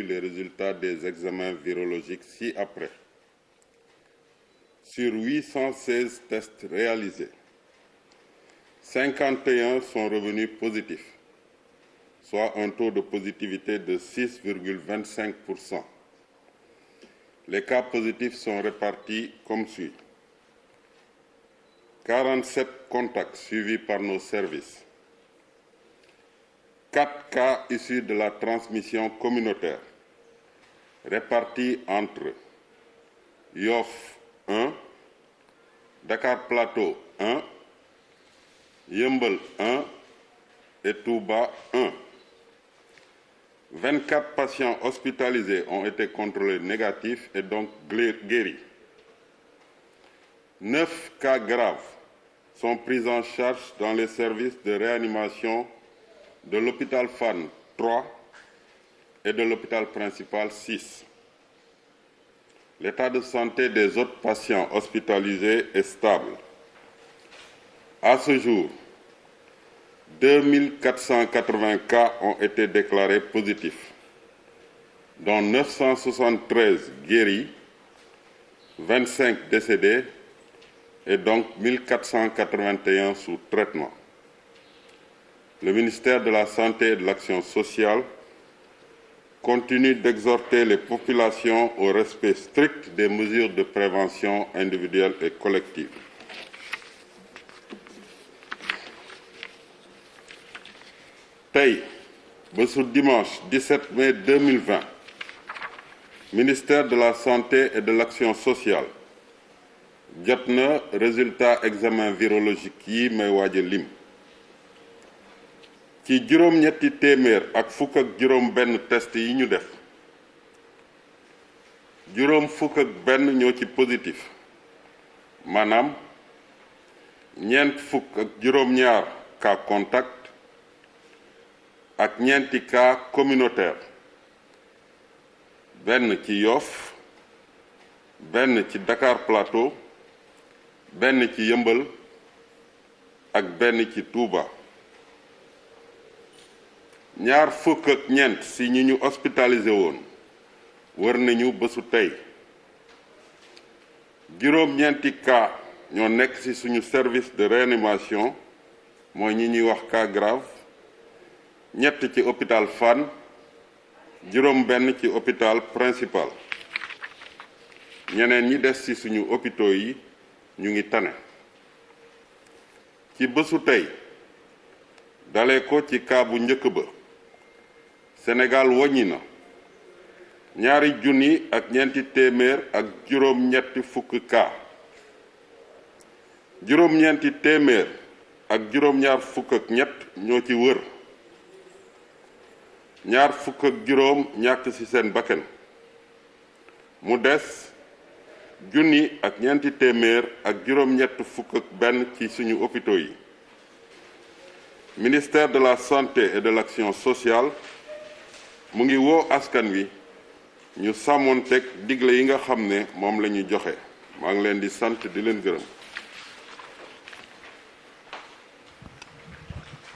les résultats des examens virologiques ci-après. Sur 816 tests réalisés, 51 sont revenus positifs, soit un taux de positivité de 6,25%. Les cas positifs sont répartis comme suit. 47 contacts suivis par nos services. Quatre cas issus de la transmission communautaire, répartis entre Yoff 1, Dakar Plateau 1, Yembel 1 et Touba 1. 24 patients hospitalisés ont été contrôlés négatifs et donc guéris. 9 cas graves sont pris en charge dans les services de réanimation de l'hôpital Fan 3 et de l'hôpital principal 6. L'état de santé des autres patients hospitalisés est stable. À ce jour, 2480 cas ont été déclarés positifs, dont 973 guéris, 25 décédés et donc 1481 sous traitement le ministère de la Santé et de l'Action sociale continue d'exhorter les populations au respect strict des mesures de prévention individuelle et collective. Paye, monsieur dimanche 17 mai 2020 ministère de la santé et de l'action sociale jot résultat examen virologique ci juróom-ñetti téeméer ak fukk ak juróom benn test yi ñu def juróom fukk ak benn ñoo ci positif maanaam ñeent fukk ak contact ak ñeenti kaa communautaire benn ci Yoff benn ci Dakar Plateau benn ci Yëmbal ak benn ci tuuba ñaar fukk ak si ñi ñu hospitalisé woon wër nañu bésu tey juróom-ñeenti cas ñoo nekk si suñu service de réanimation mooy ñi ñuy wax cas grave ñett ci hôpital Fann juróom benn ci hôpital principal ñeneen ñi des ci suñu hôpitaux yi ñu ngi tane ci bésu tey dale ko ci cas bu njëkk ba Sénégal Wenina. Nyari ñaari juni ak ñenti témèr ak juroom ñetti fukk ka juroom ñenti témèr ak juroom ñaar fukk ak ñett ñoo ci wër ñaar fukk ak juroom ñak ci sen mu ak ministère de la santé et de l'action sociale mu ngi woo askan wi ñu sàmmoon teg digle yi nga xam ne moom la ñu joxe maa ngi leen di sant di leen gërëm